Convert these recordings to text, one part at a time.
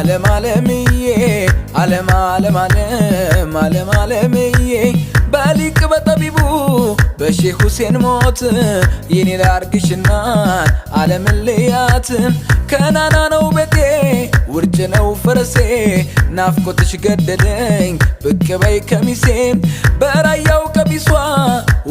አለም አለምዬ አለም አለም አለም አለም አለምዬ በሊቅ በጠቢቡ በሼህ ሁሴን ሞት የኔ ላርግሽና አለምን ልያት ከናና ነው በጤ ውርጭ ነው ፈረሴ ናፍቆትሽ ገደለኝ ብቅ በይ ከሚሴ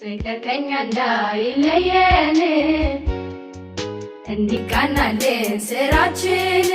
ፍቅር ከኛ እንዳይለየን እንዲቃናልን ስራችን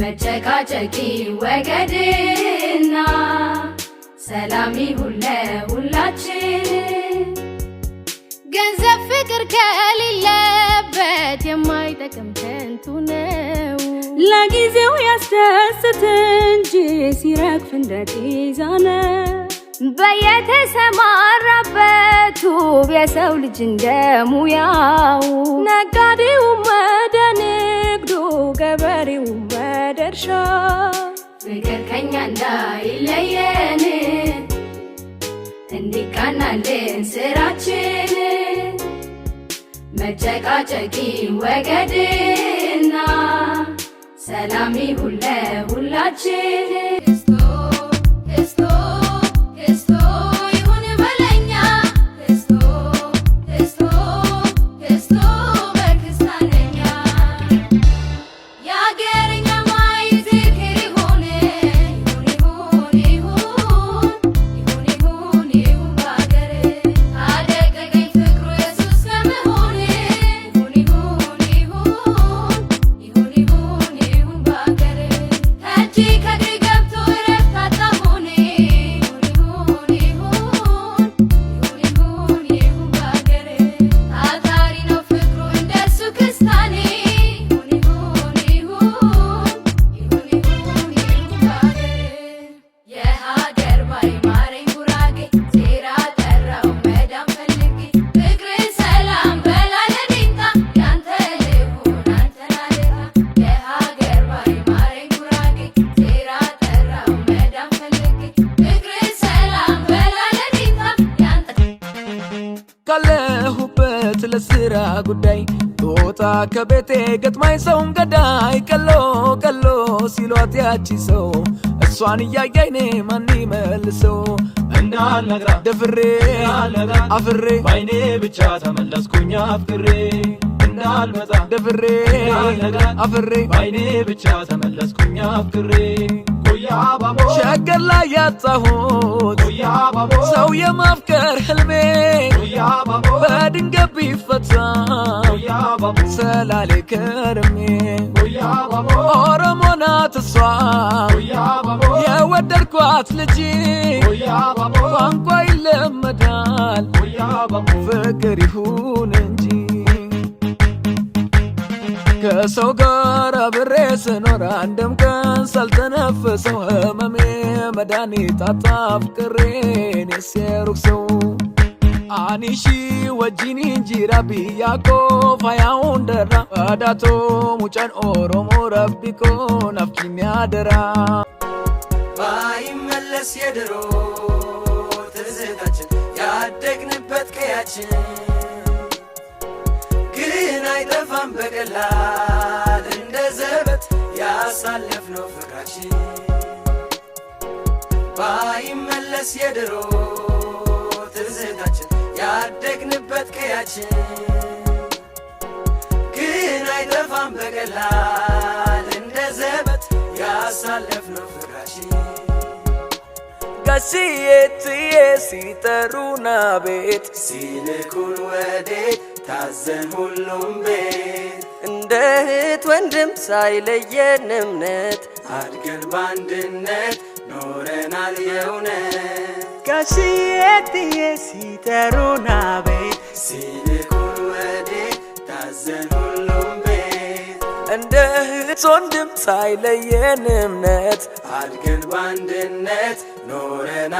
መጨቃጨቂ ወገድና ሰላሚ ሁለ ሁላችን ገንዘብ ፍቅር ከሌለበት የማይጠቅም ከንቱ ነው። ለጊዜው ያስደስት እንጂ ሲረግፍ እንደ ጤዛ ነው። በየተሰማራበት ውብ የሰው ልጅ እንደሙያው ነጋዴውም ወደ ንግዱ፣ ገበሬውም ወደ እርሻ ፍቅር ከኛ እንዳይለየን እንዲቃናልን ስራችን መጨቃጨቂ ወገድና ሰላሚ ሁለ ሁላችን ስለ ስራ ጉዳይ ጦጣ ከቤቴ ገጥማኝ ሰውን ገዳይ ቀሎ ቀሎ ሲሏት ያቺ ሰው እሷን እያያይኔ ማን መልሰው እንዳልነግራ ደፍሬ አፍሬ ባይኔ ብቻ ተመለስኩኝ አፍቅሬ እንዳልመጣ ደፍሬ አፍሬ ባይኔ ብቻ ተመለስኩኝ አፍቅሬ ሸገር ላይ ያጣሁት ሰው የማፍቀር ህልሜ ቢፈጸም ሰላሌ ከርሜ ኦሮሞ ናት እሷ የወደድኳት ልጅ ቋንቋ ይለመዳል ፍቅር ይሁን እንጂ ከሰው ጋር አብሬ ስኖር አንድም ቀን ሳልተነፍሰው ህመሜ መድኃኒት አጣፍቅሬን የሴሩክ ሰው anishi wajjiniin jira biyya koo faayaa hundarra Adaatoo mucaan Oromoo rabbi koo naaf kennaa dara. ባይመለስ የድሮ ትዝታችን ያደግንበት ቀያችን ግን አይጠፋም በቀላል እንደ ዘበት ያሳለፍነው ፍቅራችን ባይመለስ የድሮ ትዝታችን ያደግንበት ቀያችን ግን አይጠፋም በቀላል እንደ ዘበት ያሳለፍነው ፍቅራችን። ጋሽዬ ትዬ ሲጠሩና ቤት ሲልኩን ወዴት ታዘን ሁሉም ቤት እንደ እህት ወንድም ሳይለየን እምነት አድገን በአንድነት ኖረናል የእውነት ጋሽዬ ሲጠሩን አቤት ሲልኩን ወዴ ታዘን ሁሉም ቤት እንደ እህት ወንድም ሳይለየን እምነት አድገን በአንድነት ኖረናል።